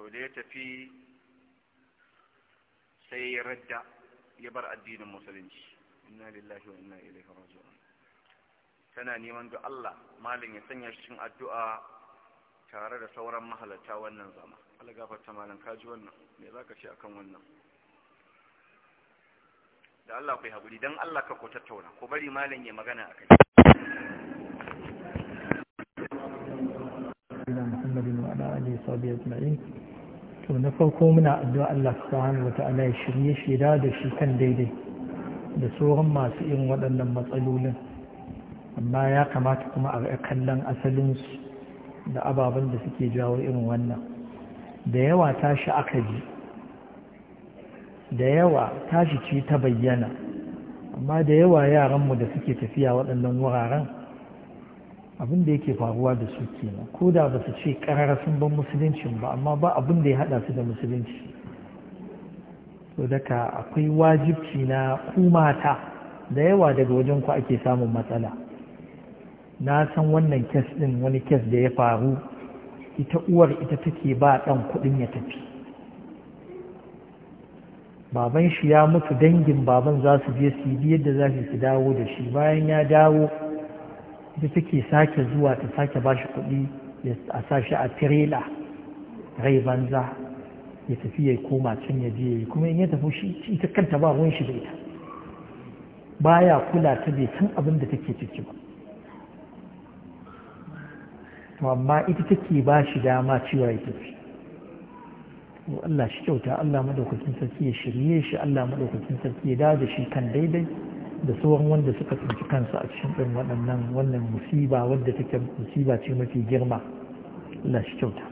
to da ya tafi sai ya radda ya bar addinin musulunci inna lillahi wa inna ilaihi raji'un tana neman ga Allah malin ya sanya shi cikin addu'a tare da sauran mahalarta wannan zama Allah gafarta malin ji wannan me zaka ce akan wannan da Allah ku yi haƙuri don Allah ka ku tattauna ku bari malin ya magana a kai محمد وعلى آله وصحبه أجمعين to na farko muna addu'a Allah subhanahu wata'ala ya shirye shi da da shi kan daidai da sauran masu irin waɗannan matsalolin amma ya kamata kuma a kallon asalinsu da ababen da suke jawo irin wannan da yawa tashi aka ji da yawa tashi ce ta bayyana amma da yawa yaranmu da suke tafiya waɗannan wuraren abin da yake faruwa da su kenan ko da ba su ce karara sun ban musuluncin ba amma ba abin da ya hada su da musulunci to daga akwai wajibci na kumata da yawa daga wajen ku ake samun matsala na san wannan kes din wani kes da ya faru ita uwar ita take ba dan kudin ya tafi baban shi ya mutu dangin baban za su je su yi yadda za su dawo da shi bayan ya dawo da take sake zuwa ta sake ba shi kuɗi a shi a tirela rai banza ya tafi ya koma can ya je yi kuma in ya tafi shi ita kanta ba ruwan shi da ita baya kula ta bai san abin da take ciki ba to amma ita take ba shi dama cewa ya tafi Allah shi kyauta Allah madaukakin sarki ya shirye shi Allah madaukakin sarki ya dawo da shi kan daidai da sauran wanda suka tsinci kansu a cikin ɗin waɗannan wannan musiba wadda take musiba ce mafi girma Allah shi kyauta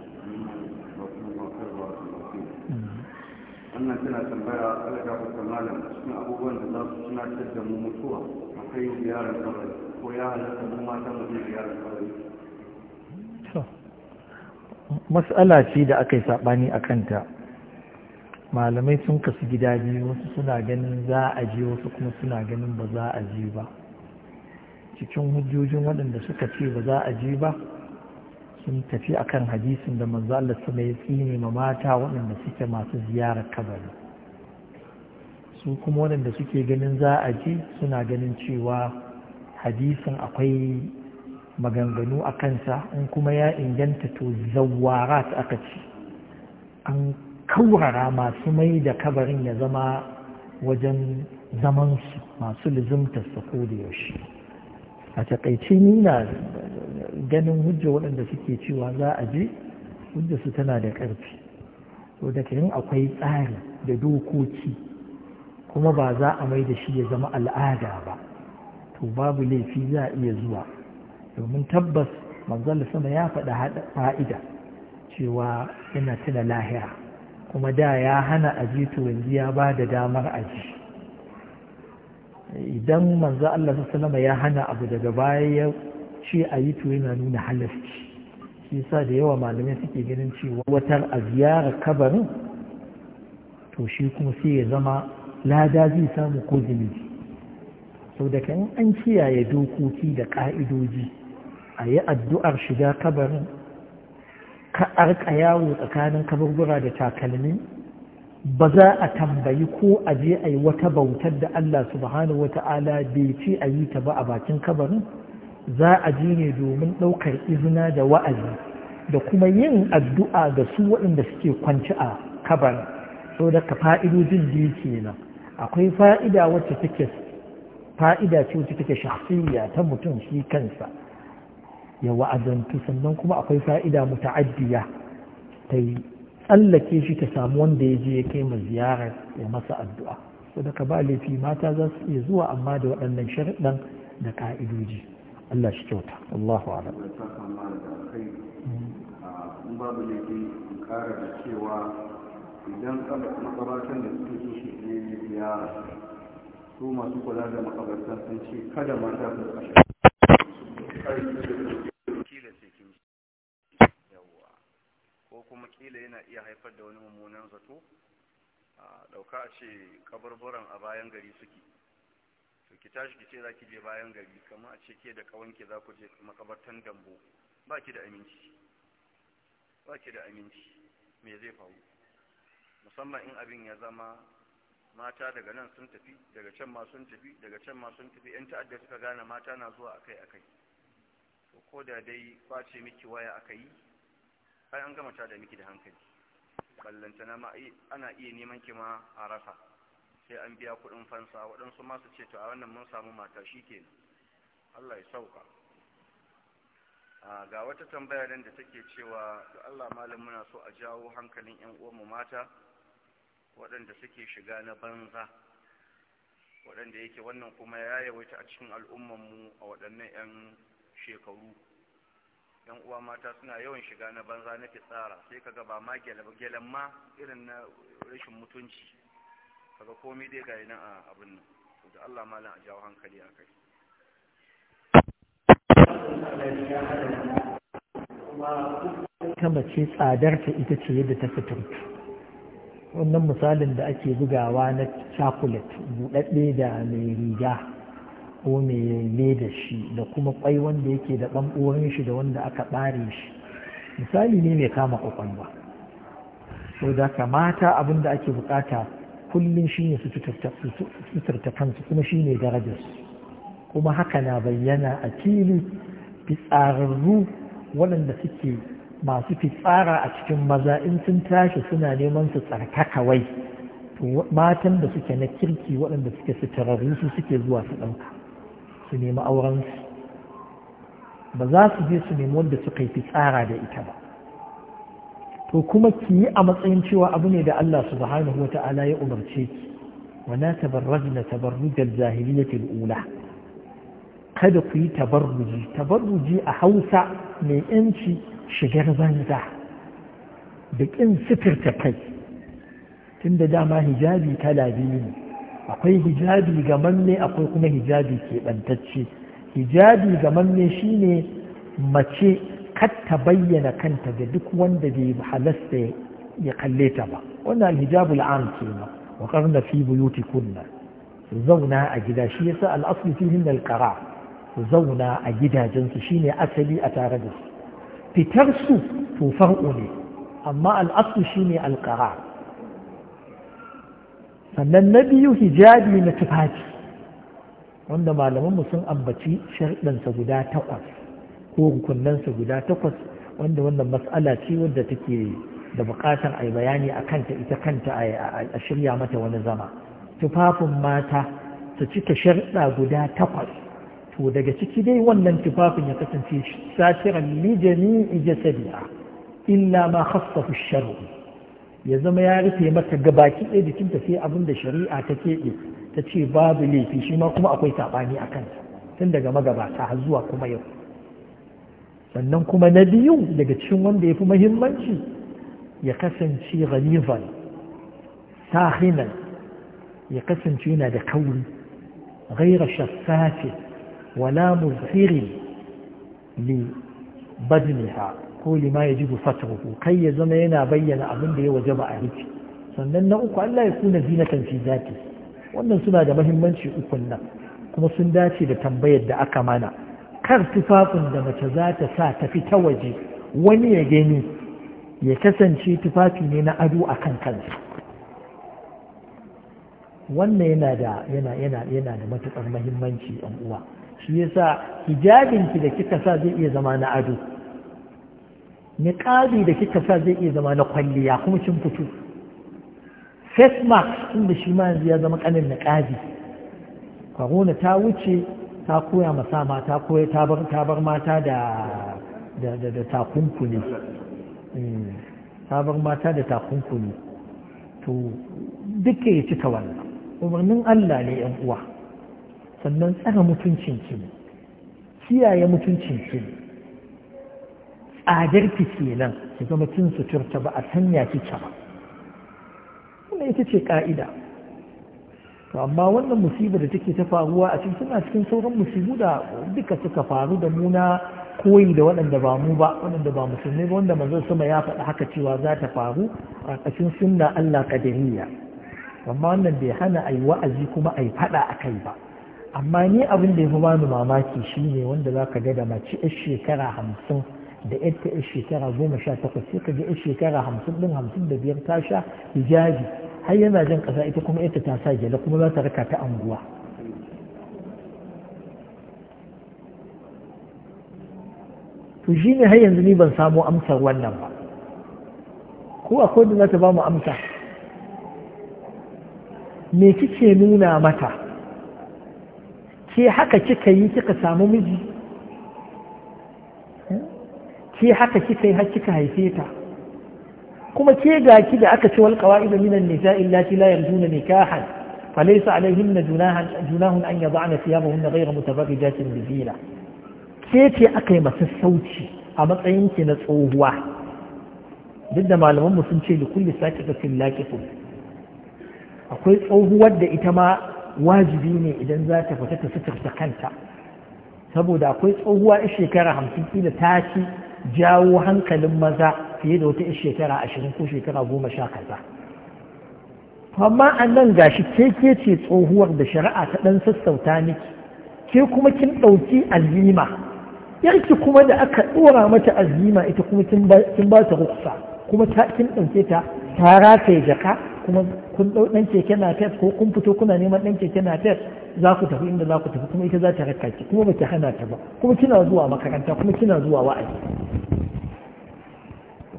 wannan tana tambaya alaƙa kusa malam cikin abubuwan da za su tunatar da mu mutuwa a kai akwai ziyarar kabari ko ya halatta mu mata mu je ziyarar kabari mas'ala ce da aka yi saɓani a kanta malamai sun kasu gida biyu wasu suna ganin za a je wasu kuma suna ganin ba za a je ba cikin hujjojin waɗanda suka ce ba za a je ba sun tafi akan hadisin da manzo Allah sama ya tsine ma mata waɗanda suke masu ziyarar kabari su kuma waɗanda suke ganin za a je suna ganin cewa hadisin akwai maganganu a kansa in kuma ya inganta to zawarat aka ce an kaurara masu mai da kabarin ya zama wajen zamansu masu lizimtarsa ko da yaushe a takaice ni na ganin hujja waɗanda suke cewa za a je hujja su tana da ƙarfi to da kirin akwai tsari da dokoki kuma ba za a mai da shi ya zama al'ada ba to babu laifi za a iya zuwa domin tabbas manzal sama ya faɗa fa'ida cewa yana tuna lahira kuma da ya hana aji to yanzu ya ba da damar aji idan manzo Allah sallama ya hana abu daga baya ya ce a yi to yana nuna halalci shi yasa da yawa malamai suke ganin cewa watar a ziyarar kabarin to shi kuma sai ya zama lada zai samu ko zunubi sau da kan an kiyaye dokoki da ka'idoji a yi addu'ar shiga kabarin ka arka yawo tsakanin kaburbura da takalmi ba za a tambayi ko a je a yi wata bautar da Allah subhanahu wata'ala bai ce a yi ta ba a bakin kabarin za a je ne domin ɗaukar izina da wa'azi da kuma yin addu'a ga su waɗanda suke kwanci a kabarin so da ka fa'idojin kenan akwai fa'ida wacce take fa'ida ce wacce take shahsiyya ta mutum shi kansa ya wa'azantu sannan kuma akwai fa'ida muta'addiya ta yi tsallake shi ta samu wanda ya je ya kai ma ziyarar ya masa addu'a so saboda ba laifi mata za su iya zuwa amma da waɗannan sharuɗan da ka'idoji Allah shi kyauta Allahu a'lam ah, babu ne laifi kara da cewa idan makabartan da suke so shi ne ya ziyara su masu kula da makabartan sun ce kada mata su kashe kuma kila yana iya haifar da wani mummunan zato a dauka a ce kaburburan a bayan gari suke to ki tashi ki ce za ki je bayan gari kamar a ce ke da kawanki za ku je makabartan dambo ba ki da aminci ba ki da aminci me zai faru musamman in abin ya zama mata daga nan sun tafi daga can ma sun tafi daga can ma sun tafi yan ta'adda suka gane mata na zuwa akai akai ko da dai kwace miki waya aka yi ai an gama da miki da hankali ballantana ma ana iya neman ki ma a rasa sai an biya kuɗin fansa waɗansu ma su ce to a wannan mun samu mata shi ke. Allah ya sauka ga wata tambaya nan da take cewa da Allah malam muna so a jawo hankalin ƴan uwanmu mata waɗanda suke shiga na banza waɗanda yake wannan kuma ya yawaita a cikin mu a waɗannan ƴan shekaru yan uwa mata suna yawan shiga na banza na fitsara sai kaga ba ma gyalen ma irin na rashin mutunci kaga komai dai ga yana a abin nan da Allah malam a jawo hankali a kai ta mace tsadarta ita ce yadda ta fitarta wannan misalin da ake bugawa na chocolate buɗaɗɗe da mai riga ko me ya da shi da kuma kwai wanda yake da ɓanɓorin shi da wanda aka ɓare shi misali ne mai kama ƙwaƙwalwa. so da ka mata abin da ake bukata kullum shi ne su tutarta kansu kuma shi ne darajarsu kuma haka na bayyana a fili fitsararru waɗanda suke masu fitsara a cikin maza in sun tashi suna neman su tsarkaka wai matan da suke na kirki waɗanda suke suturarru su suke zuwa su ɗauka su nemi aurensu ba za su je su nemi wanda suka yi tsara da ita ba to kuma ki yi a matsayin cewa abu ne da Allah subhanahu wata'ala ya umarce ki wana na tabarrujal jahiliyyatil ula kada ku yi tabarruji tabarruji a Hausa mai yanci shigar banza da kin sifirta kai tunda dama hijabi kala biyu ne akwai hijabi ga manne akwai kuma hijabi keɓantacce hijabi ga manne shine mace katta bayyana kanta ga duk wanda bai halasta ya kalle ta ba wannan alhijabu al'am kenan wa qarna fi buyutikunna zauna a gida shi yasa al'asli fihin al-qara zauna a gidajensu shine asali a tare da su fitar su to far'u ne amma al'asli shine al sannan na biyu hijabi na tufafi wanda malamanmu sun ambaci sharɗansa guda takwas ko rukunansa guda takwas wanda wannan matsala ce wadda take da buƙatar a yi bayani a kanta ita kanta a shirya mata wani zama tufafin mata su cika sharɗa guda takwas to daga ciki dai wannan tufafin ya kasance satiran li jami'i illa ma khassahu shar'u ya zama ya rufe mata gabaki ɗaya jikin sai abin da shari'a ta keɓe ta ce babu laifi shi ma kuma akwai saɓani a kan tun daga magabata har zuwa kuma yau sannan kuma na biyu daga cikin wanda ya fi mahimmanci ya kasance ghanifan sahinan ya kasance yana da kauri ghaira shassafi wala muzhirin li badniha ko lima ya jibu fatahu kai ya zama yana bayyana abin da ya waje ba a rufe sannan na uku Allah ya kuna kan fi zaki wannan suna da mahimmanci ukun nan kuma sun dace da tambayar da aka mana kar tufafin da mace za ta sa ta fi ta waje wani ya gani ya kasance tufafi ne na ado a kan kansa wannan yana da yana yana yana matukar mahimmanci yan uwa shi yasa hijabinki da kika sa zai iya zama na ado niƙabi da kika sa zai iya zama na kwalliya kuma cin fito face mask inda shi ma ya zama ƙanin niƙabi kwarona ta wuce ta koya masa mata koya ta bar mata da da eh, ta bar mata da takunkuli to duka ya cika wannan umarnin Allah ne yan uwa sannan tsara mutuncinki kiyaye mutuncinki tsadarki kenan su zama cin suturta ba a sanya kike ba wannan ita ce ka'ida to amma wannan musibar da take ta faruwa a cikin suna cikin sauran musibu da duka suka faru da muna koyi da waɗanda ba mu ba waɗanda ba musulmi ba wanda manzon sama ya faɗa haka cewa za ta faru a ƙashin sunna Allah kadiriya amma wannan bai hana yi wa'azi kuma yi faɗa a kai ba amma ni abin da ya fi bani mamaki shine wanda za ka ga da mace 'yar shekara hamsin da yadda yar shekara goma sha takwas sai ka ji yar shekara hamsin ɗin hamsin da biyar ta sha hijabi har yana jan ƙasa ita kuma yadda ta sa gyale kuma za ta raka ta anguwa to shi ne har yanzu ni ban samu amsar wannan ba ko akwai da za ta ba mu amsa me kike nuna mata ke haka kika yi kika samu miji ke haka kika yi har kika haife ta kuma ke ga ki da aka ci wal qawaid minan nisa'i allati la yarjuna nikahan falaysa alayhinna junahan junahun an yad'ana thiyabahunna ghayra mutabarrijatin jakin zina ke ce aka yi masa sauci a matsayin ki na tsohuwa duk da malaman mu sun ce li kulli saqiqatin laqiqun akwai tsohuwar da ita ma wajibi ne idan za ta fita ta suturta kanta saboda akwai tsohuwa shekara hamsin kila ta ci jawo hankalin maza fiye da wata shekara ashirin ko shekara goma sha kaza amma a nan gashi ke ke ce tsohuwar da shari'a ta ɗan sassauta miki ke kuma kin ɗauki azima yarki kuma da aka ɗora mata azima ita kuma kin ba ta ruksa kuma ta kin ɗauke ta ta rataye jaka kuma kun ɗau ɗan keke na fes ko kun fito kuna neman ɗan keke na fes za ku tafi inda za ku tafi kuma ita za ta raka ki kuma ki hana ta ba kuma kina zuwa makaranta kuma kina zuwa wa'azi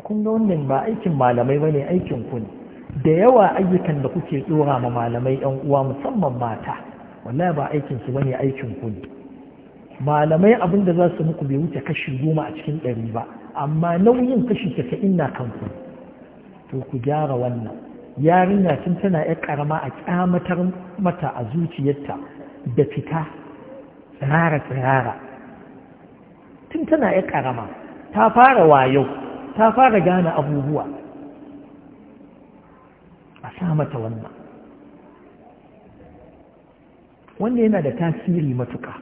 kun ga wannan ba aikin malamai bane aikin ku ne da yawa ayyukan da kuke tsora ma malamai yan uwa musamman mata wallahi ba aikin su bane aikin ku ne malamai abinda za su muku bai wuce kashi goma a cikin ɗari ba amma nauyin kashi casa'in na kanku ne to ku gyara wannan yarinya tun tana ya karama a kyamatar mata a zuciyarta da fita tsirara tsirara tun tana ya karama ta fara wayo ta fara gane abubuwa a sa mata wannan wanda yana da tasiri matuka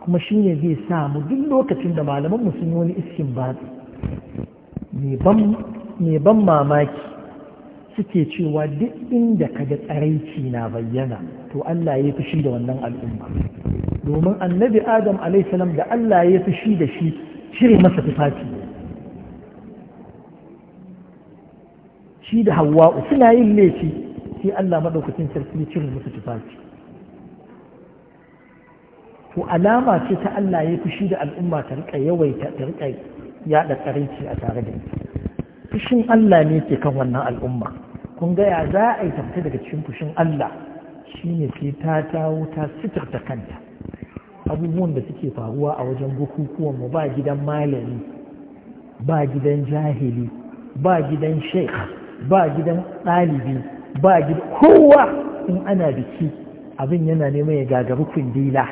kuma shi ne zai samu duk lokacin da malamanmu sun yi wani iskin batsi mai ban mamaki suke cewa duk inda ka tsaraici na bayyana to Allah ya fushi da wannan al'umma domin annabi adam salam da Allah ya fushi da shi cire masa tufafi shi da hawa'u suna yin laifi sai Allah maɗaukacin sarki ya cire masa tufafi to alama ce ta Allah ya fushi da al'umma ta riƙa yawaita ta riƙa Ya yaɗa tsaraici a tare da ita fushin Allah ne ke kan wannan al'umma kun ga ya za a yi tafta daga cikin fushin Allah shine sai ta tawo ta da kanta abubuwan da suke faruwa a wajen bukukuwan mu ba gidan malami ba gidan jahili ba gidan sheikh ba gidan ɗalibi ba gidan kowa in ana biki abin yana neman ya gagaru kundila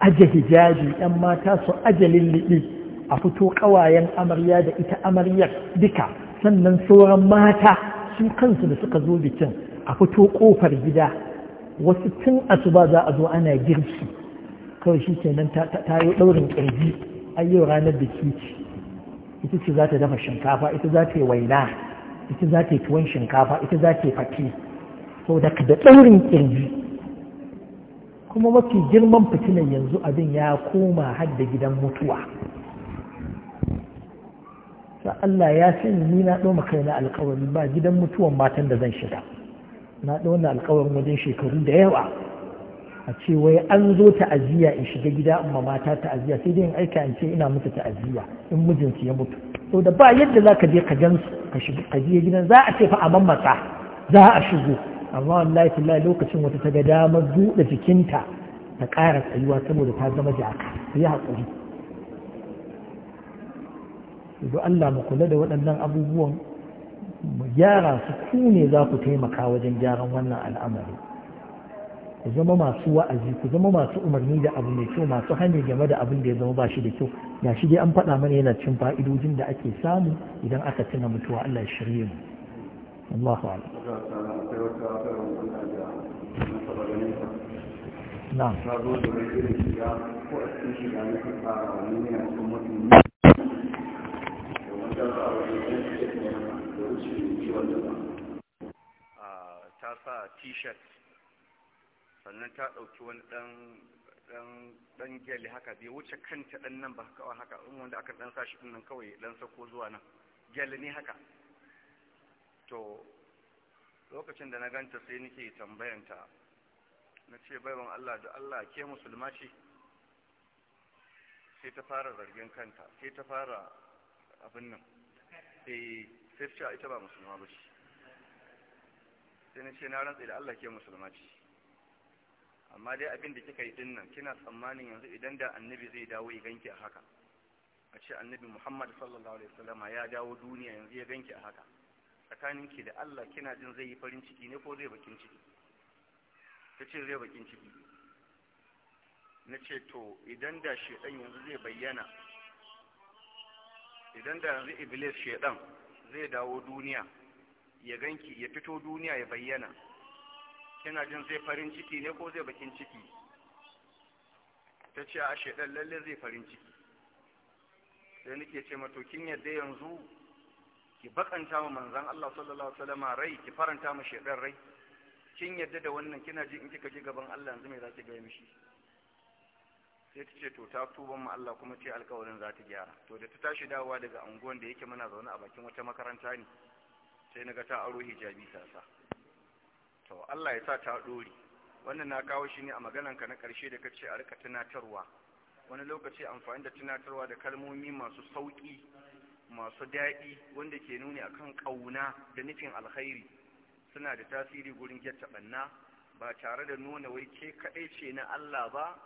aje hijabi ‘yan mata su aje lilliɗi a fito ƙawayen amarya da ita amaryar duka sannan sauran mata su kansu da suka zo bikin a fito ƙofar gida wasu tun asuba za a zo ana girki kawai shi ke nan ta yi ɗaurin ƙirji ayyau ranar biki ce ita ce za ta dafa shinkafa ita za ta yi waina ita za ta yi tuwon shinkafa ita za ta yi fake sau da ɗaurin ƙirji kuma mafi girman fitinan yanzu abin ya koma hadda gidan mutuwa sa Allah ya sani ni na ɗoma kaina alkawari ba gidan mutuwan matan da zan shiga na ɗona alkawarin wajen shekaru da yawa a ce wai an zo ta'aziyya in shiga gida in ma mata ta'aziyya sai dai in aika in ce ina mutu ta'aziyya in mijinsu ya mutu to da ba yadda za ka je ka gansu ka je gidan za a ce fa a mamaka za a shigo amma ya lai lokacin wata ta ga damar buɗe jikinta ta ƙara tsayuwa saboda ta zama jaka ta yi haƙuri idan Allah mu kula da waɗannan abubuwan mu gyara su ku ne za ku taimaka wajen gyaran wannan al'amari ku zama masu wa'azi ku zama masu umarni da abu mai kyau masu hanyar game da abin da ya zama ba shi da kyau Ya shi dai an faɗa mana yana cin fa'idojin da ake samu idan aka tuna mutuwa Allah ya shirye mu Allah wa Na'am. ta sa t-shirt sannan ta ɗauki wani ɗan gyali haka bai wuce kanta ɗan nan ba haka wanda aka ɗan sa shi ɗin nan kawai ɗan sako zuwa nan gyali ne haka to lokacin da na ganta sai nake tambayanta na ce baiwan Allah da Allah ke musulma ce sai ta fara zargin kanta sai ta fara abin nan eh, sai sai ita ba musulma ba ce sai na ce na rantsa da Allah ke musulma ce amma dai abin da kika yi din nan kina tsammanin yanzu idan da annabi zai dawo ya ganki a haka a ce annabi Muhammad sallallahu alaihi wasallama ya dawo duniya yanzu ya ganki a haka tsakanin ki da Allah kina jin zai yi farin ciki ne ko zai bakin ciki ta ce zai bakin ciki na ce to idan da shaidan yanzu zai bayyana idan da yanzu iblis shaidan zai dawo duniya ya ganki ya fito duniya ya bayyana kina jin zai farin ciki ne ko zai bakin ciki ta ce a shaidan lalle zai farin ciki sai nake ce mato kin yadda yanzu ki bakanta ma manzan Allah sallallahu alaihi wasallam rai ki faranta ma shedan rai kin yadda da wannan kina ji in kika ji gaban Allah yanzu me za ki ga mishi sai ta ce to ta tuban ma Allah kuma ce alƙawarin za ta gyara to da ta tashi dawowa daga unguwan da yake muna zaune a bakin wata makaranta ne sai naga ta aro hijabi ta sa to Allah ya sa ta dore wannan na kawo shi ne a maganarka na ƙarshe da kace a rika tunatarwa wani lokaci amfani da tunatarwa da kalmomi masu sauki masu daɗi wanda ke nuni akan ƙauna da nufin alkhairi suna da tasiri gurin gyatta ɓanna ba tare da nuna wai ke kaɗai ce na Allah ba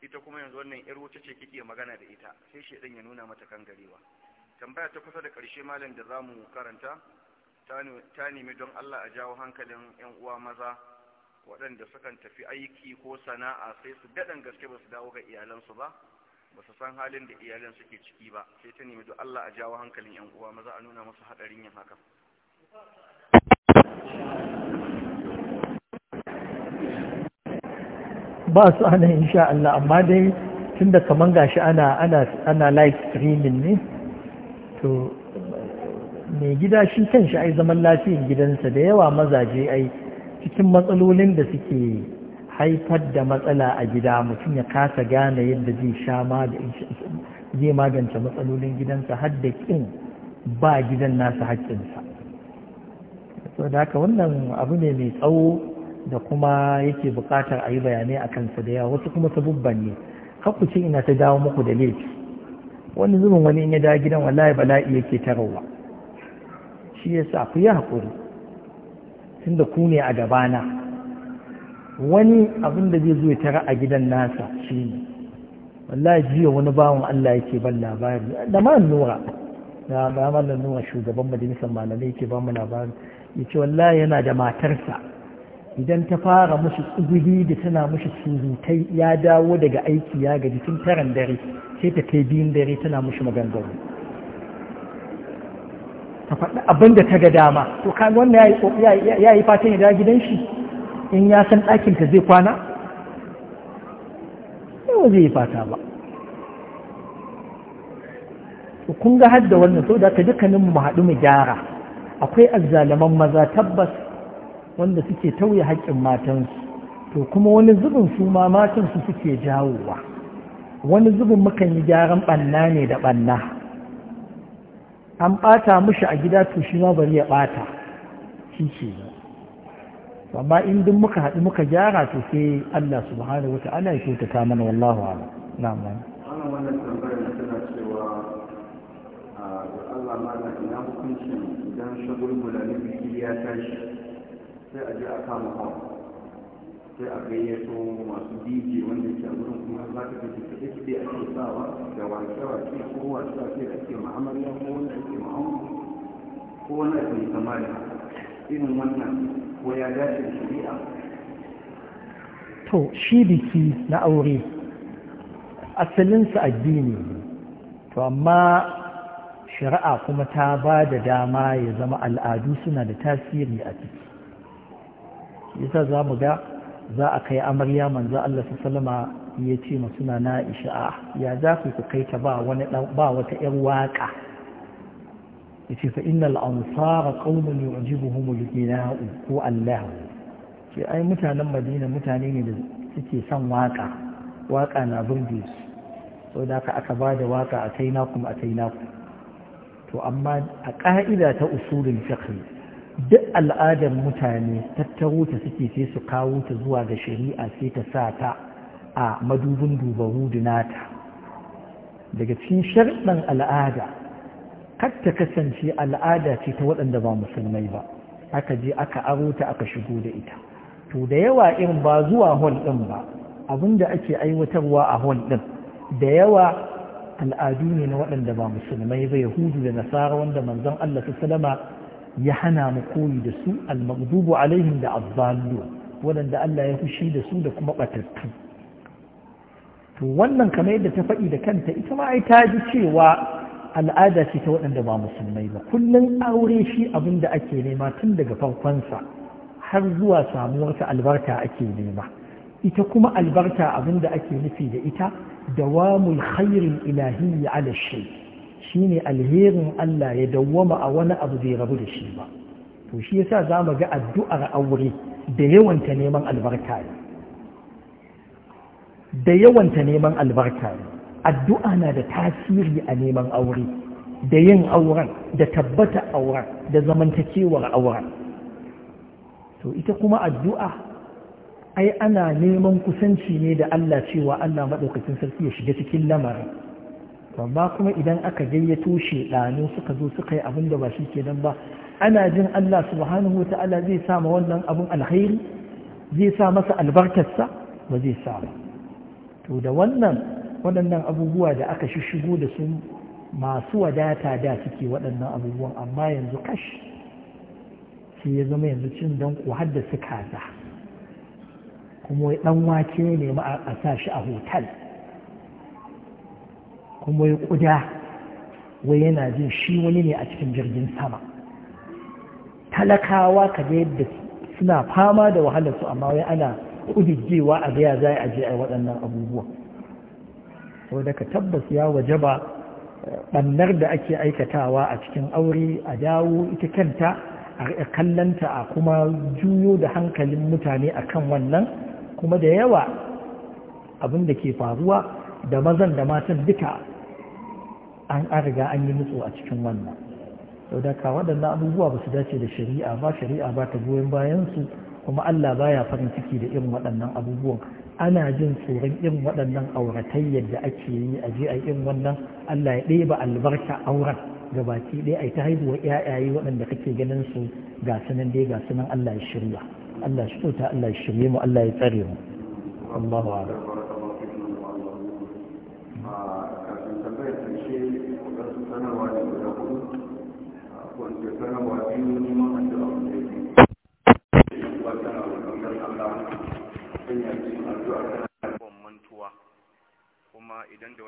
ita kuma yanzu wannan ƴar wuce ce kike magana da ita sai shedan ya nuna mata kan garewa tambaya ta kusa da ƙarshe malam da zamu karanta ta nemi don Allah a jawo hankalin ƴan uwa maza waɗanda sukan tafi aiki ko sana'a sai su daɗan gaske ba su dawo ga iyalansu ba ba su san halin da iyalin suke ciki ba sai ta nemi da Allah a jawo hankalin yan uwa maza a nuna musu hadarin yin hakan ba su ana insha Allah amma dai tunda kaman gashi ana ana ana live streaming ne to mai gida shi kanshi ai zaman lafiyar gidansa da yawa mazaje ai cikin matsalolin da suke haifar da matsala a gida mutum ya kasa gane yadda zai sha zai magance matsalolin gidansa har da kin ba gidan nasa haƙƙinsa so da haka wannan abu ne mai tsawo da kuma yake buƙatar a yi bayanai a kansa da yawa wasu kuma sabubban ne ku ina ta dawo muku da laifi wani zuma wani in ya dawo gidan wallahi bala'i yake tarawa shi yasa ku yi haƙuri tunda ku ne a gabana wani abin da zai zo ya tara a gidan nasa shi ne wallahi jiya wani bawan Allah yake ban labari da ma nura da ba mallan nura shugaban majalisar malamai yake ba mu labari yace wallahi yana da matarsa idan ta fara musu tsugudi da tana musu surutai ya dawo daga aiki ya gaji tun taran dare sai ta kai biyun dare tana musu maganganu ta faɗi abin da ta ga dama to kan wannan ya yi fatan ya dawo gidan shi in ya san ɗakin ɗakinka zai kwana yau zai yi fata ba kun ga hadda wannan sau da ka dukkanin mu haɗu mu gyara akwai azzalaman maza tabbas wanda suke tauye haƙƙin matansu to kuma wani zubin su ma matansu suke jawowa wani zubin mukan yi gyaran ɓanna ne da ɓanna an ɓata mushi a gida to shi ma bari ya ɓata shi ke amma in duk muka haɗu muka gyara to sai Allah subhanahu wata'ala ya ta mana wallahu ala, na'am na'am wannan tambayar tana cewa da Allah ma ina hukuncin idan shagulgula na biki ya tashi sai a je a kama hawa sai a gayyato masu dj wanda ke a wurin kuma za ka tafi kaɗe kaɗe ake sawa da wake wake ko wake wake da ake ma'amariya ko wanda ake ma'amu ko wanda ake kama da irin wannan to shi biki na aure asalinsa addini to amma shari'a kuma ta ba da dama ya zama al'adu suna da tasiri a ciki yasa za mu ga za a kai amarya manzo Allah sallama ya ce ma suna na isha'a ah, ya za ku kai ta ba wata 'yar waka yace fa innal ansara qaumun yu'jibuhum al-ghina ko Allah ce ai mutanen Madina mutane ne da suke son waka waka na burge su saboda haka aka da waka a tainakum a tainakum to amma a ƙa'ida ta usurin fiqh duk al'adar mutane tattaro ta suke sai su kawo ta zuwa ga shari'a sai ta sa ta a madubin dubaru dinata daga cikin sharɗin al'ada kar ta kasance al'ada ce ta waɗanda ba musulmai ba aka je aka aro ta aka shigo da ita to da yawa irin ba zuwa hall ɗin ba abinda ake aiwatarwa a hall ɗin da yawa al'adu ne na waɗanda ba musulmai ba yahudu da nasara wanda manzon Allah su ya hana mu koyi da su al-maghdubu alaihim da azzallu waɗanda Allah ya fushi da su da kuma batattu to wannan kamar yadda ta faɗi da kanta ita ma ai ta ji cewa al'ada ce ta waɗanda ba musulmai ba kullum aure shi abin da ake nema tun daga farkonsa har zuwa samuwarsa albarka ake nema ita kuma albarka abin da ake nufi da ita dawamul khairin ilahiyya ala shi ne alherin Allah ya dawwama a wani abu zai rabu da shi ba to shi yasa za mu ga addu'ar aure da yawanta neman albarka ne da yawanta neman albarka ne addu'a na da tasiri a neman aure da yin auren da tabbata auren da zamantakewar auren to ita kuma addu'a ai ana neman kusanci ne da Allah cewa Allah maɗaukacin sarki ya shiga cikin lamarin amma kuma idan aka gayyato shaidanu suka zo suka yi abin da ba shi kenan ba ana jin Allah subhanahu wa ta'ala zai sa ma wannan abin alkhairi zai sa masa albarkarsa ba zai sa ba to da wannan waɗannan abubuwa da aka shishigo da su masu wadata da suke waɗannan abubuwan amma yanzu kash shi ya zama yanzu cin don ku haddasa kaza kuma ya ɗan wake ne a sa shi a hotel kuma ya ƙuda wai yana jin shi wani ne a cikin jirgin sama talakawa ka ga yadda suna fama da wahalarsu amma wai ana ƙudijjewa a gaya za a je a waɗannan abubuwan saboda ka tabbas ya wajaba eh, ɓannar da ake aikatawa a cikin aure a dawo ita kanta a kallanta a kuma juyo da hankalin mutane a kan wannan kuma da yawa abin da ke faruwa da mazan da matan duka an riga an yi nutso a cikin wannan sau daga waɗannan abubuwa ba su dace da shari'a ba shari'a ba ta goyon bayansu kuma allah baya farin ciki da irin waɗannan abubuwan ana jin tsoron irin waɗannan auratayyar da ake yi a je a irin wannan Allah ya ɗeba albarka auren ga baki ɗaya a ta haihuwa ƴaƴaye waɗanda kake ganin su ga sunan dai ga sunan Allah ya shirya Allah ya shirya mu Allah ya tsare mu Allahu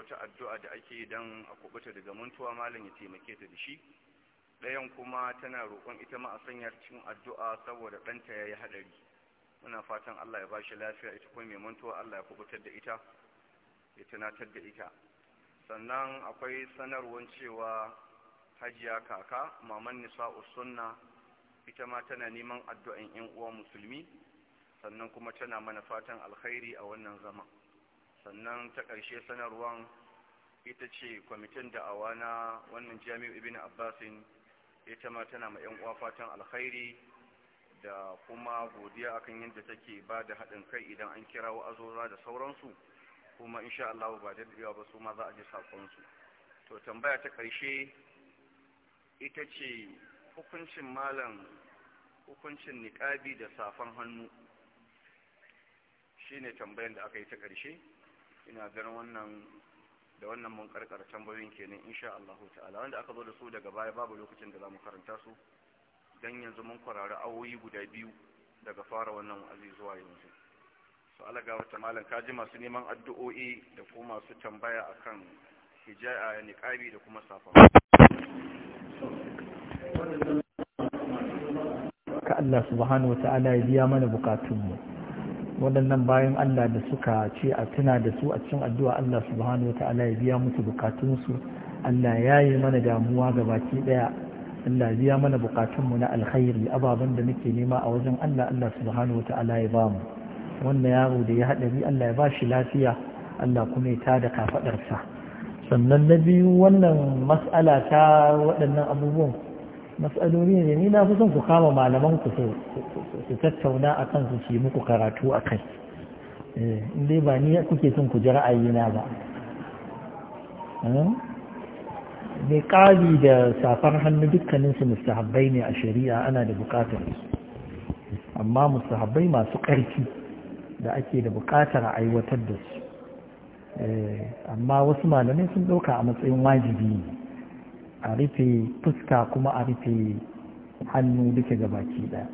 wata addu'a da ake don a kubuta daga mantuwa malam ya taimake ta da shi ɗayan kuma tana roƙon ita ma a sanya cikin addu'a saboda ɗanta ya yi haɗari muna fatan allah ya ba shi lafiya ita kuma mai mantuwa allah ya kubutar da ita ya tunatar da ita sannan akwai sanarwar cewa hajiya kaka maman nisa'u sunna ita ma tana neman addu'an 'yan uwa musulmi sannan kuma tana mana fatan alkhairi a wannan zaman sannan ta ƙarshe sanarwar ita ce kwamitin da'awa na wannan jami'u ibn abbasin ita ma tana ma 'yan uwa fatan alkhairi da kuma godiya akan yadda take ba da haɗin kai idan an kira wa'azora da sauransu kuma insha Allah ba daɗewa ba su ma za a ji saƙonsu to tambaya ta ƙarshe ita ce hukuncin malam hukuncin niƙabi da safan hannu shine tambayan da aka yi ta ƙarshe ina ganin wannan da wannan mun karkara tambayoyin kenan insha Allah ta'ala wanda aka zo da su daga baya babu lokacin da zamu karanta su dan yanzu mun kwarara awoyi guda biyu daga fara wannan wa'azi zuwa yanzu su ga wata malam kaji masu neman addu'o'i da kuma masu tambaya akan hijaya kabi da kuma safa ka Allah subhanahu wa ta'ala ya biya mana bukatunmu waɗannan bayan Allah da suka ce a tuna da su a cikin addu'a Allah subhanahu wa ta'ala ya biya musu bukatunsu Allah ya yi mana damuwa ga baki ɗaya Allah ya biya mana bukatunmu na alkhairi ababen da muke nema a wajen Allah Allah subhanahu wa ta'ala ya bamu wannan yaro da ya haɗari Allah ya ba shi lafiya Allah kuma ya tada kafaɗarsa sannan na biyu wannan mas'ala ta waɗannan abubuwan matsaloli ne ni na fi son ku kama malaman ku su tattauna a kan su ci muku karatu a kai eh, inda ba ni kuke son ku ji ra'ayina ba hmm? mai ƙari da safar hannu dukkaninsu mustahabbai ne a shari'a ana da buƙatar amma mustahabbai masu ƙarfi da ake da bukatar aiwatar da su eh, amma wasu malamai sun ɗauka a matsayin wajibi ne a rufe fuska kuma a rufe hannu duka ga baki ɗaya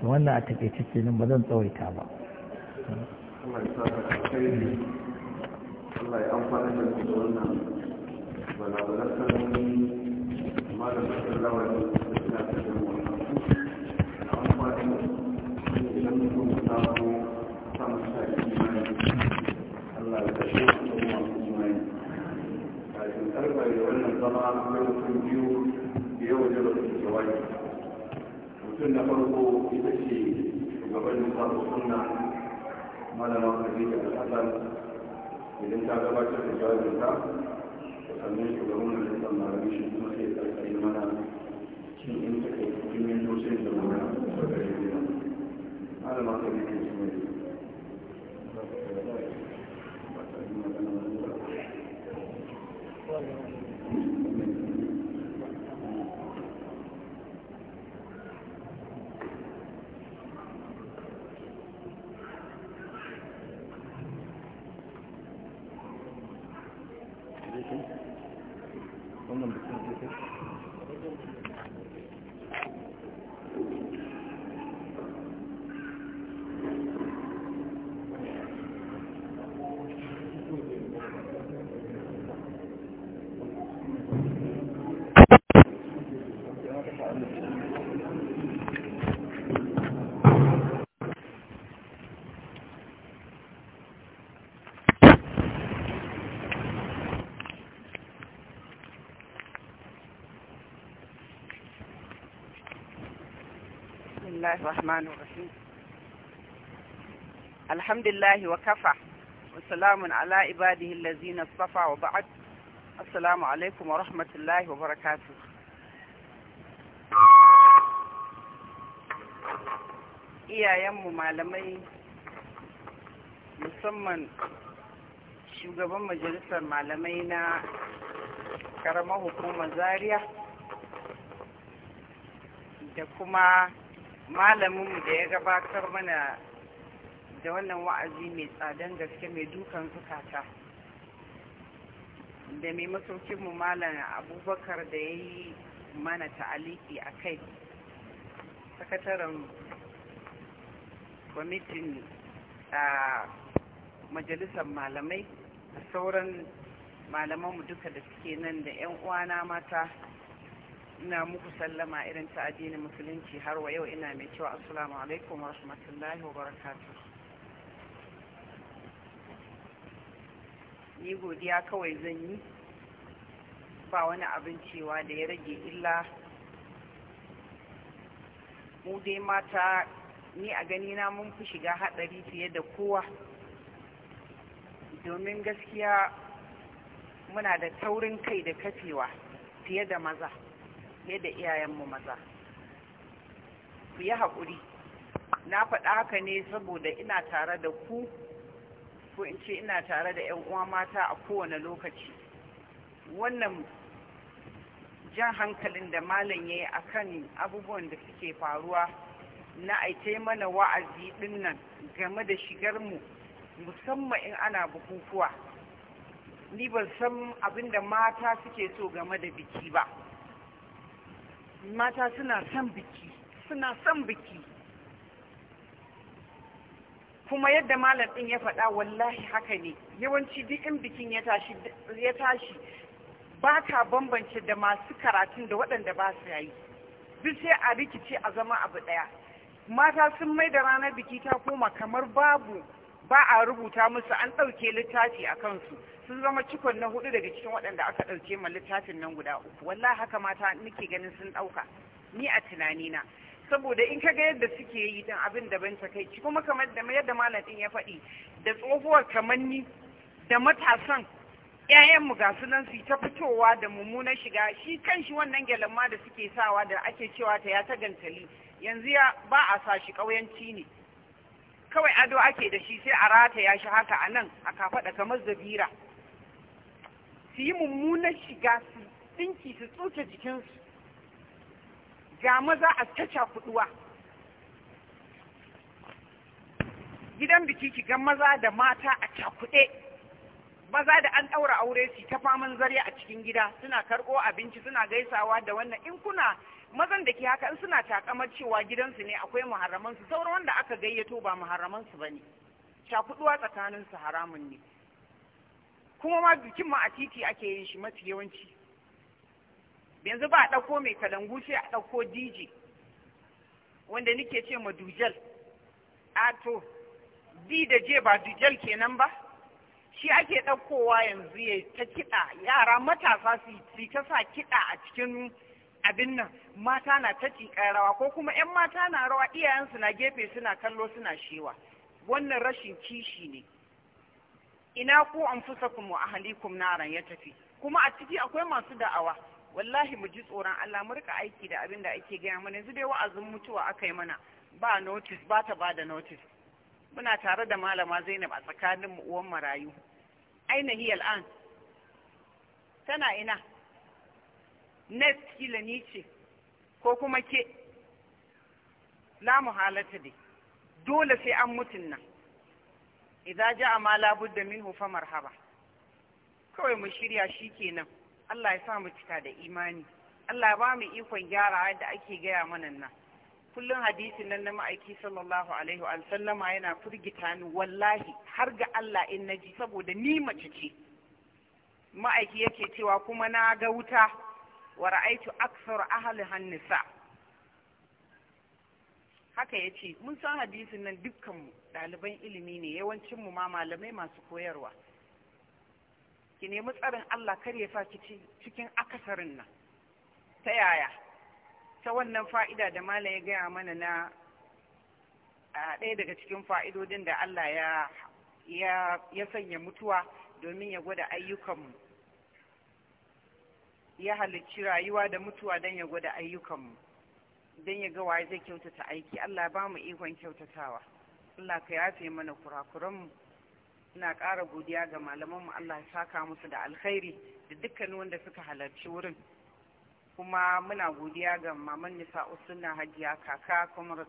to wannan a takaice kenan ba zan tsawaita ba Allah ya amfana da wannan balabalar malamin kuma akwai mutum biyu da yawan jaba su jawabi mutum na farko ita ce shugaban nisabu sunna malama khadija al-hasan idan ta gabatar da jawabin ta sannan shugaban nisabu malami shi kuma sai karkare mana shin in ta kai cikin mintocin da mura da gare gida malama khadija su mai Thank you. الله الرحمن الرحيم الحمد لله وكفى وسلام على عباده الذين اصطفى وبعد السلام عليكم ورحمة الله وبركاته iyayenmu malamai musamman shugaban majalisar malamai na karamar hukumar zaria da kuma malaminmu da ya gabatar mana da wannan wa'azi mai tsadan gaske mai dukan zukata da mai masaukinmu malam abubakar da ya yi mana ta'aliki a kai sakataren kwamitin a majalisar malamai a sauran malamanmu duka da suke nan da 'yan uwana mata ina muku sallama irin ta addinin musulunci har wa yau ina mai cewa assalamu alaikum wa rahmatullahi wa barakatuh ni godiya kawai zan yi ba wani abin cewa da ya rage illa mu dai mata ni a ganina mun fi shiga haɗari fiye da kowa domin gaskiya muna da taurin kai da kafewa fiye da maza fiye da iyayenmu maza ku yi haƙuri na faɗa haka ne saboda ina tare da ku ko in ce ina tare da 'yan uwa mata a kowane lokaci wannan jan hankalin da malam ya yi a kan abubuwan da suke faruwa na aice mana wa'azi ɗin nan game da shigarmu musamman in ana bukukuwa ni ban san abin da mata suke so game da biki ba mata suna son biki suna son biki kuma yadda malam ɗin ya faɗa wallahi haka ne yawanci duk bikin ya tashi ba ka bambance da masu karatun da waɗanda ba su yayi duk sai a rikice a zama abu ɗaya mata sun mai da ranar biki ta koma kamar babu ba a rubuta musu an ɗauke littafi a kansu sun zama cikon na hudu daga cikin waɗanda aka ɗauke ma littafin nan guda uku walla haka mata nake ganin sun ɗauka ni a tunanina saboda in kaga yadda suke yi din abin da ta kai kuma kamar da yadda malam din ya faɗi da tsohuwar kamanni da matasan ƴaƴanmu ga su nan su ta fitowa da mummunan shiga shi kanshi wannan gyalen da suke sawa da ake cewa ta ya ta gantali yanzu ya ba a sa shi ƙauyanci ne kawai ado ake da shi sai a rataya shi haka a nan a kafaɗa kamar zabira su yi mummunan shiga su tsinki su tsoke jikinsu ga maza a caca kuduwa gidan biki ga maza da mata a cakuɗe maza da an ɗaura aure su ta faman zare a cikin gida suna karɓo abinci suna gaisawa da wannan in kuna mazan da ke haka in suna takamar cewa gidansu ne akwai muharramansu sauran wanda aka gayyato ba muharamansu ba ne cakuduwa tsakaninsu haramun ne kuma ma bikin ma a titi ake yin shi mafi yawanci yanzu ba a ɗauko mai kalangu sai a ɗauko dj wanda nike ce ma dujal a d da j ba dujal kenan ba shi ake ɗaukowa yanzu ya ta kiɗa yara matasa su yi ta sa kiɗa a cikin abin nan mata na ta tiƙa rawa ko kuma 'yan mata na rawa iyayensu na gefe suna kallo suna shewa wannan rashin kishi ne ina ku an fusa kuma a halikum naran ya tafi kuma a ciki akwai masu da'awa wallahi mu ji tsoron Allah mu rika aiki da abin da ake gaya mana yanzu dai wa'azin mutuwa aka yi mana ba notis, ba ta ba da notice muna tare da malama Zainab a tsakanin mu uwan marayu ainihi al'an tana ina Net kila ni ce ko kuma ke la muhalata dai dole sai an mutun nan idan ja ma la budda minhu fa marhaba kawai mu shirya shi kenan Allah ya sa mu cika da imani Allah ya ba mu ikon gyara yadda ake gaya mana nan kullum hadisin nan na ma'aiki sallallahu alaihi wa sallama yana furgita ni wallahi har ga Allah in naji saboda ni mace ce ma'aiki yake cewa kuma na ga wuta wa ra'aitu aksar ahli hannisa haka ya ce mun san hadisin nan dukkanmu ɗaliban ilimi ne yawancinmu ma malamai masu koyarwa ki nemi tsarin Allah kar ya sa ki cikin akasarin nan ta yaya ta wannan fa'ida da mala ya gaya mana na ɗaya daga cikin fa'idodin da Allah ya ya sanya mutuwa domin ya gwada ayyukanmu ya halicci rayuwa da mutuwa don ya gwada ayyukanmu don ya ga waye zai kyautata aiki Allah ba mu ikon kyautatawa Allah ka yafe mana kurakuranmu ina ƙara godiya ga malamanmu Allah ya saka musu da alkhairi da dukkan wanda suka halarci wurin kuma muna godiya ga maman nisa usunna hajiya kaka kuma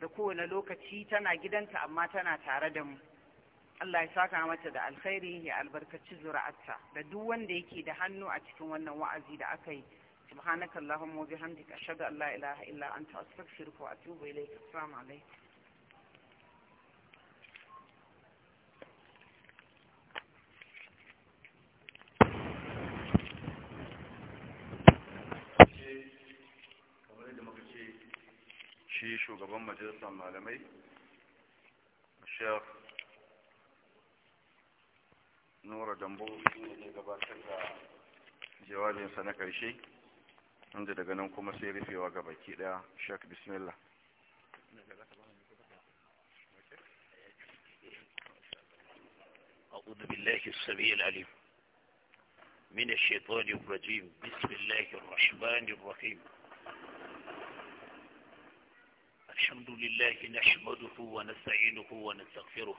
da kowane lokaci tana gidanta amma tana tare da mu Allah ya saka mata da alkhairi ya albarkaci zuri'arta da duk wanda yake da hannu a cikin wannan wa'azi da aka yi subhanaka allahumma wa bihamdika ashhadu an la ilaha illa anta astaghfiruka wa atubu ilayk assalamu alaykum shi shugaban majalisar malamai shek nura dambo shi ne zai gabatar da jawabinsa na ƙarshe inda daga nan kuma sai rufewa ga baki ɗaya shak bismillah أعوذ بالله السميع العليم من الشيطان الرجيم بسم الله الرحمن الرحيم الحمد لله نحمده ونستعينه ونستغفره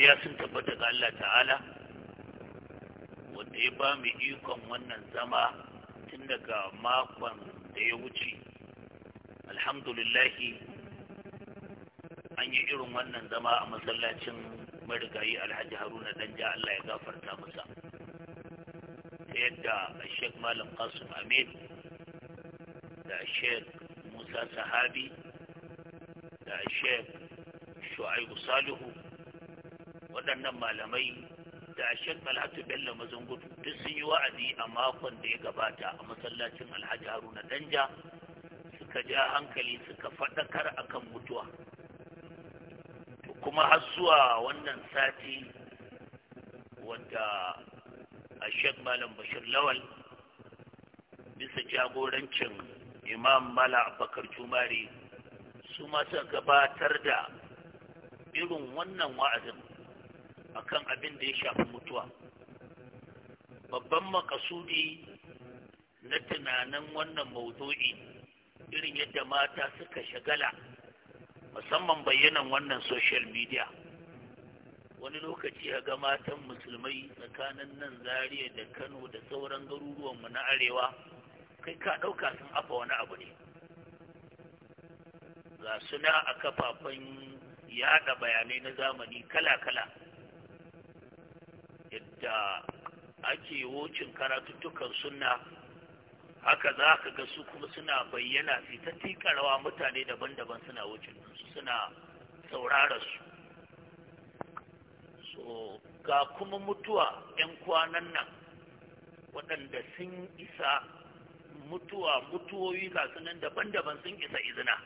godiya sun tabbata ga Allah ta'ala wanda ya ba mu ikon wannan zama tun daga makon da ya wuce alhamdulillahi an yi irin wannan zama a masallacin marigayi alhaji haruna ja Allah ya gafarta masa ta yadda shek malam kasim amin da shek musa sahabi da shek shu'aibu salihu waɗannan malamai da shek alhatu bello mazangudu duk sun yi wa'azi a makon da ya gabata a masallacin alhaji haruna danja suka ja hankali suka faɗakar a kan mutuwa kuma har zuwa wannan sati wadda a shek malam bashir lawal bisa jagorancin imam mala abakar jumari su masu gabatar da irin wannan wa'azin akan abin da ya shafi mutuwa babban makasudi na tunanin wannan maudu'i irin yadda mata suka shagala musamman bayyanan wannan social media wani lokaci a ga matan musulmai tsakanin nan zariya da kano da sauran garuruwanmu na arewa kai ka ɗauka sun afa wani abu ne ga suna a kafafen yaɗa bayanai na zamani kala-kala yadda ake wucin karatuttukan suna, haka za ka ga su kuma suna bayyana fitattun karawa mutane daban-daban suna wucin suna saurara su so ga kuma mutuwa 'yan kwanan nan waɗanda sun isa mutuwa mutuwoyi ga sunan daban-daban sun isa izina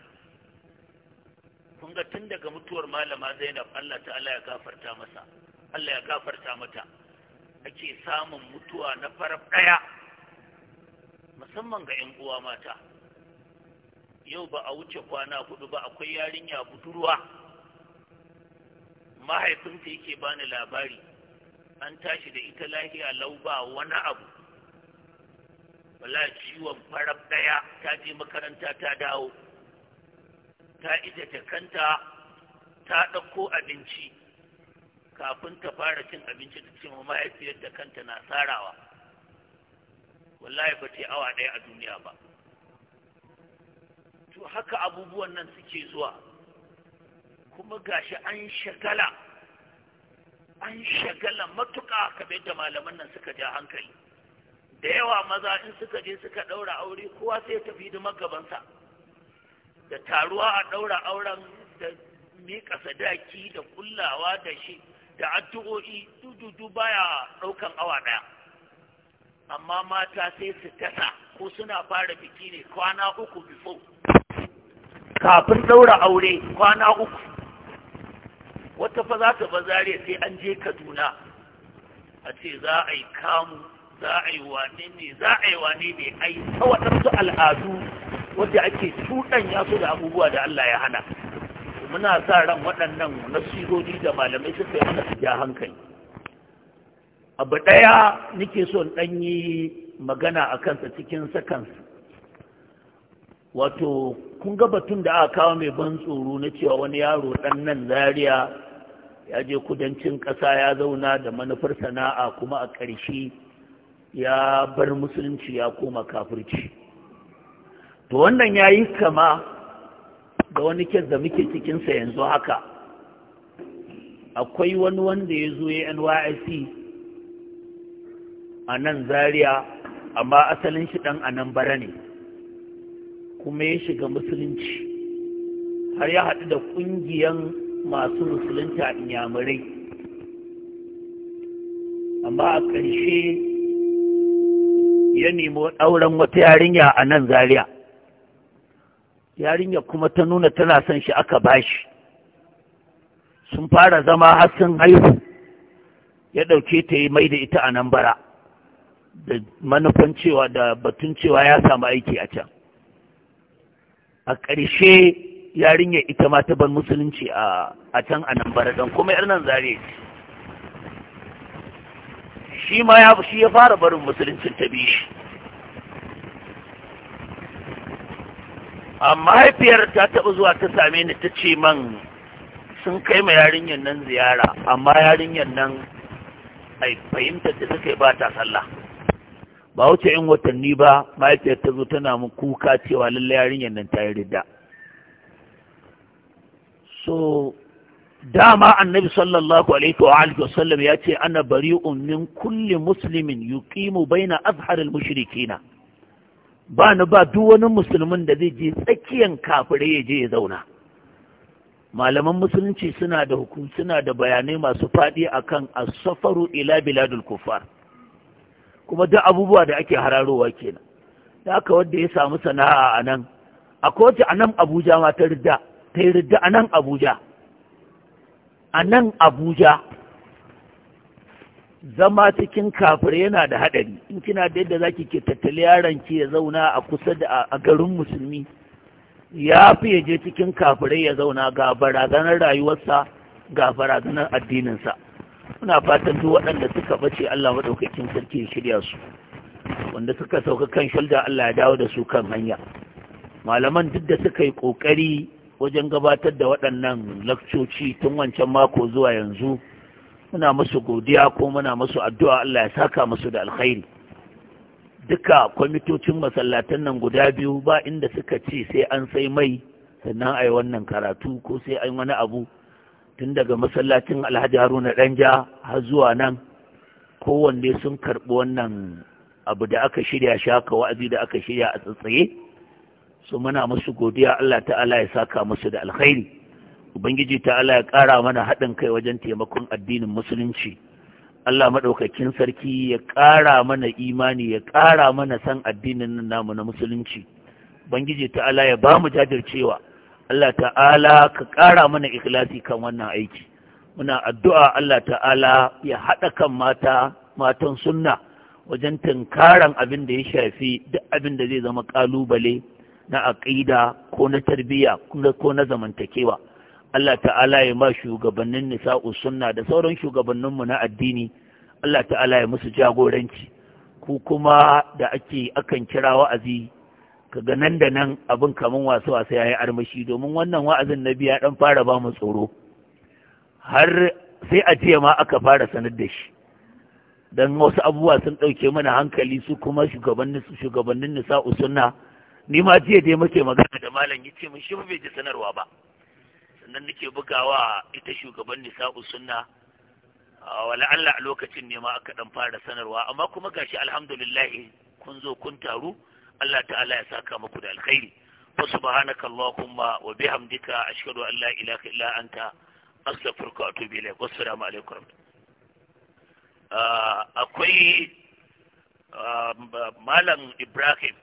kun ga tun daga mutuwar malama zainab allah ta'ala ya gafarta masa Allah ya gafarta mata ake samun mutuwa na farar ɗaya musamman ga 'yan uwa mata yau ba a wuce kwana hudu ba akwai yarinya budurwa mahaifinta yake bani labari an tashi da ita lahiya lau ba wani abu wala ciwon farar ɗaya ta je makaranta ta dawo ta ta kanta ta ɗauko abinci kafin ta fara cin abinci ta ce mahaifiyar da kanta na sarawa wallahi ba ce awa ɗaya a duniya ba to haka abubuwan nan suke zuwa kuma gashi an shagala an shagala matuƙa kamar yadda malaman nan suka ja hankali da yawa maza in suka je suka ɗaura aure kowa sai tafi da magabansa da taruwa a ɗaura auren da miƙa sadaki da kullawa da shi da addu'o'i dududu baya ɗaukan awa ɗaya amma mata sai su tasa ko suna fara biki ne kwana uku bifo kafin ɗaura aure kwana uku wata fa za ta bazare sai an je kaduna a ce za a yi kamu za a yi wane ne za a yi wane ne a yi ta waɗansu al'adu wadda ake cuɗanya su da abubuwa da Allah ya hana muna sa ran waɗannan nasihohi da malamai suka yi na hankali abu ɗaya nake so in ɗan yi magana a kansa cikin sakansu wato kun ga batun da aka kawo mai ban tsoro na cewa wani yaro ɗan nan zaria ya je kudancin ƙasa ya zauna da manufar sana'a kuma a ƙarshe ya bar musulunci ya koma kafirci to wannan ya yi kama da wani kes da muke cikinsa yanzu haka akwai wani wanda ya zo ya nysc a nan zaria amma asalin shi ɗan bara ne kuma ya shiga musulunci har ya haɗu da ƙungiyan masu musulunta inyamurai amma a ƙarshe ya nemo ɗauren wata yarinya a nan zaria yarinya kuma ta nuna tana son shi aka bashi sun fara zama har sun haihu ya ɗauke ta yi mai da ita a nan bara da manufan cewa da batun cewa ya samu aiki a can a ƙarshe yarinya ita ma ta ban musulunci a can a nan bara don kuma yar nan zare shi ma ya fara barin musulunci ta bi shi mahaifiyar ta taɓa zuwa ta same ni ta ce man sun kai ma yarinyar nan ziyara amma yarinyar nan ai fahimtar da suka yi ba ta sallah ba wuce in watanni ba mahaifiyar ta zo tana mu kuka cewa lallai yarinyar nan ta yi ridda so dama annabi sallallahu alaihi wa alihi wasallam ya ce ana bari'un min kulli muslimin yuqimu baina azharil mushrikina ba ni ba duk wani musulmin da zai je tsakiyan kafirai ya je ya zauna malaman musulunci suna da hukum suna da bayanai masu faɗi akan as-safaru ila biladul kufar kuma duk abubuwa da ake hararowa kenan da aka wanda ya samu sana'a a nan a kowace a nan abuja ma ta ridda ta yi ridda a nan abuja a nan abuja zama cikin kafir yana da haɗari in kina da yadda zaki ke tattali yaron ki ya zauna a kusa da a garin musulmi ya fi ya je cikin kafirai ya zauna ga barazanar rayuwarsa ga barazanar addininsa muna fatan duk waɗanda suka bace Allah maɗaukakin sarki ya shirya su wanda suka sauka kan shulda Allah ya dawo da su kan hanya malaman duk da suka yi ƙoƙari wajen gabatar da waɗannan lakcoci tun wancan mako zuwa yanzu muna masu godiya ko muna masu addu'a Allah ya saka masu da alkhairi duka kwamitocin masallatan nan guda biyu ba inda suka ce sai an sai mai sannan a wannan karatu ko sai an wani abu tun daga masallacin alhaji haruna danja har zuwa nan kowanne sun karɓi wannan abu da aka shirya shaka wa'azi da aka shirya a tsatsaye su muna masu godiya Allah ta'ala ya saka masu da alkhairi ubangiji ta Allah ya ƙara mana haɗin kai wajen taimakon addinin musulunci Allah maɗaukakin sarki ya ƙara mana imani ya ƙara mana san addinin nan namu na musulunci ubangiji ta Allah ya ba mu jajircewa Allah ta'ala ka ƙara mana ikilasi kan wannan aiki muna addu'a Allah ta'ala ya haɗa kan mata matan sunna wajen tunkaran abin da ya shafi duk abin da zai zama ƙalubale na aƙida ko na tarbiyya ko na zamantakewa Allah ta'ala ya ma shugabannin nisa'u sunna da sauran shugabanninmu na addini Allah ta'ala ya musu jagoranci ku kuma da ake akan kira wa'azi kaga nan da nan abin kamun wasu wasu yayi armashi domin wannan wa'azin na biya dan fara ba mu tsoro har sai a jiya ma aka fara sanar da shi dan wasu abubuwa sun dauke mana hankali su kuma shugabannin su shugabannin nisa'u sunna ni ma jiya dai muke magana da malam yace mun shi bai ji sanarwa ba sannan nake bugawa ita shugaban nisa'u sunna wala Allah a lokacin ne ma aka dan fara sanarwa amma kuma gashi alhamdulillah kun zo kun taru Allah ta'ala ya saka muku da alkhairi wa subhanaka allahumma wa bihamdika ashhadu an la ilaha illa anta astaghfiruka wa atubu ilaik wassalamu alaikum akwai malam Ibrahim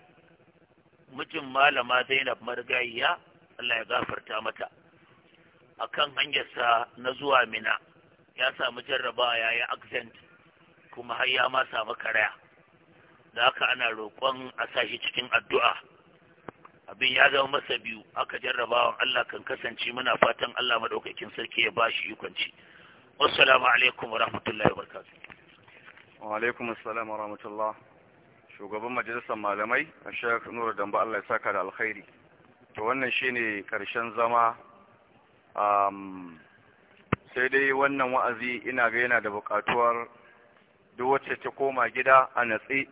mijin malama Zainab Margayiya Allah ya gafarta mata a kan hanyarsa na zuwa mina ya samu jarraba ya yi accent kuma har ya ma samu karaya da haka ana roƙon a sashi cikin addu'a abin ya zama masa biyu aka jarrabawan Allah kan kasance muna fatan Allah maɗaukakin sarki ya ba shi ikonci wassalamu alaikum wa rahmatullahi wa barakatuh wa alaikum assalam wa rahmatullah shugaban majalisar malamai a shek nura damba Allah ya saka da alkhairi to wannan shine karshen zama sai dai wannan wa'azi ina ga yana da buƙatuwar duk wacce ta koma gida a natsi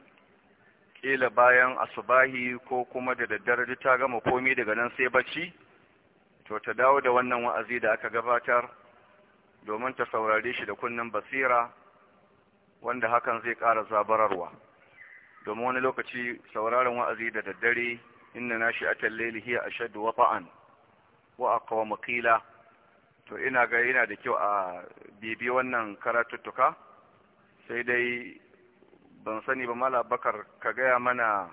ƙila bayan asubahi ko kuma da daddare duk ta gama komi daga nan sai bacci to ta dawo da wannan wa'azi da aka gabatar domin ta saurare shi da kunnen basira wanda hakan zai ƙara zabararwa domin wani lokaci sauraron wa'azi da daddare inna nashi atal laili a ashaddu wata'an wa kawo qila to ina ga yana da kyau a bibi wannan karatuttuka sai dai ban sani ba mala bakar ka gaya mana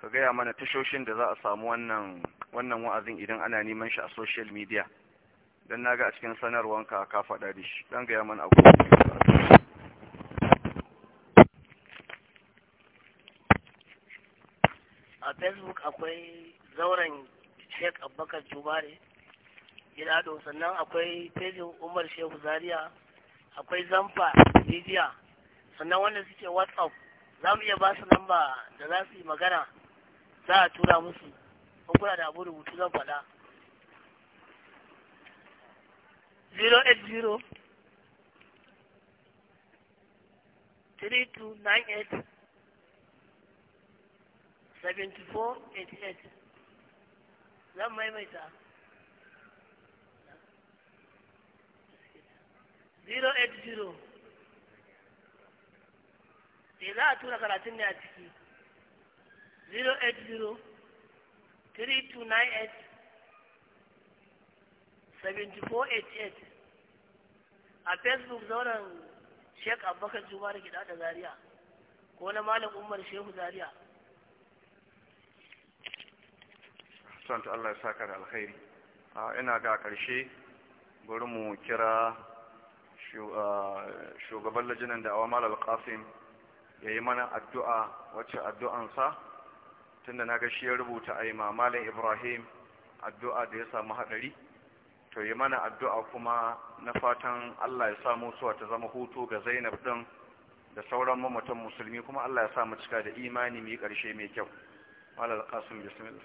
ka gaya mana tashoshin da za a samu wannan wannan wa'azin idan ana neman shi a social media don naga a cikin sanarwanka ka faɗa da shi dan gaya mana abu a facebook akwai zauren sheik abubakar jubare gidado sannan akwai pejin umar shehu zaria akwai zamfa media sannan wanda suke whatsapp za mu iya ba su lamba da za su yi magana za a tura musu kuna da abu rubutu zan faɗa 080 3298 7488 zan maimaita 080 sai eh, za a tura karatun ne a ciki 080 3298 7488 a facebook zauren sheik abubakar juma da gida da zaria ko na malam umar shehu zaria Santa Allah ya saka da alkhairi ina ga karshe bari mu kira shugaban lajinan da awamal al-qasim ya yi mana addu'a wacce addu'ansa tunda na ga shi ya rubuta a mamalin ibrahim addu'a da ya samu haɗari to yi mana addu'a kuma na fatan allah ya samu suwa ta zama hutu ga zainab ɗin da sauran mamatan musulmi kuma allah ya mu cika da imani mai ƙarshe mai kyau malal kasim bismillah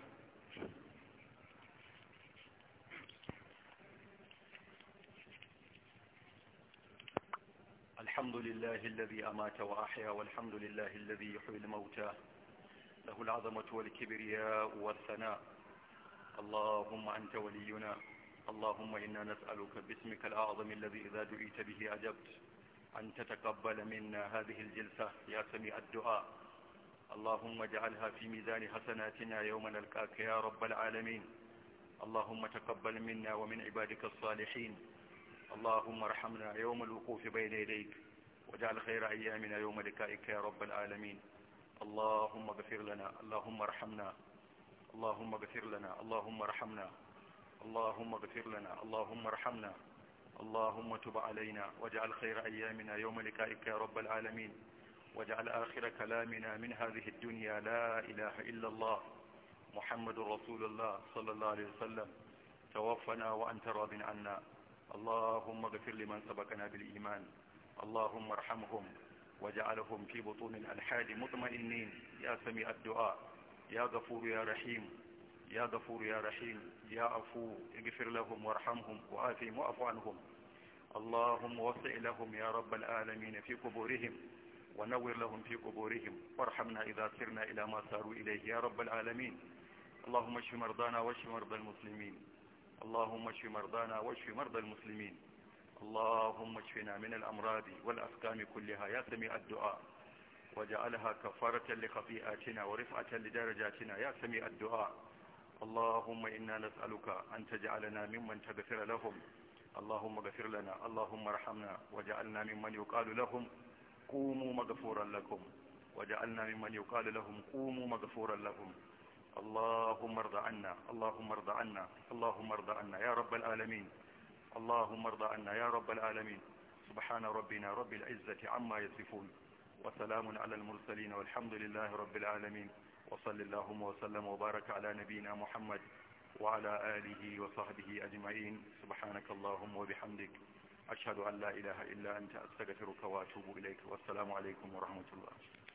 الحمد لله الذي أمات وأحيا والحمد لله الذي يحيي الموتى له العظمة والكبرياء والثناء اللهم أنت ولينا اللهم إنا نسألك باسمك الأعظم الذي إذا دعيت به أجبت أن تتقبل منا هذه الجلسة يا سميع الدعاء اللهم اجعلها في ميزان حسناتنا يوم نلقاك يا رب العالمين اللهم تقبل منا ومن عبادك الصالحين اللهم ارحمنا يوم الوقوف بين يديك واجعل خير أيامنا يوم لقائك يا رب العالمين اللهم اغفر لنا اللهم ارحمنا اللهم اغفر لنا اللهم ارحمنا اللهم اغفر لنا اللهم ارحمنا اللهم تب علينا واجعل خير أيامنا يوم لقائك يا رب العالمين واجعل آخر كلامنا من هذه الدنيا لا إله إلا الله محمد رسول الله صلى الله عليه وسلم توفنا وأنت راض عنا اللهم اغفر لمن سبقنا بالإيمان اللهم ارحمهم وجعلهم في بطون الألحاد مطمئنين يا سميع الدعاء يا غفور يا رحيم يا غفور يا رحيم يا عفو اغفر لهم وارحمهم وآفهم واعف عنهم اللهم وسع لهم يا رب العالمين في قبورهم ونور لهم في قبورهم وارحمنا إذا سرنا إلى ما ساروا إليه يا رب العالمين اللهم اشف مرضانا واشف مرضى المسلمين اللهم اشف مرضانا واشف مرضى المسلمين اللهم اشفنا من الأمراض والأسقام كلها يا سميع الدعاء وجعلها كفارة لخطيئاتنا ورفعة لدرجاتنا يا سميع الدعاء اللهم إنا نسألك أن تجعلنا ممن تغفر لهم اللهم اغفر لنا اللهم ارحمنا وجعلنا ممن يقال لهم قوموا مغفورا لكم وجعلنا ممن يقال لهم قوموا مغفورا لهم اللهم ارض عنا اللهم ارض عنا اللهم ارض عنا يا رب العالمين اللهم ارض عنا يا رب العالمين سبحان ربنا رب العزة عما يصفون وسلام على المرسلين والحمد لله رب العالمين وصل اللهم وسلم وبارك على نبينا محمد وعلى آله وصحبه أجمعين سبحانك اللهم وبحمدك أشهد أن لا إله إلا أنت أستغفرك وأتوب إليك والسلام عليكم ورحمة الله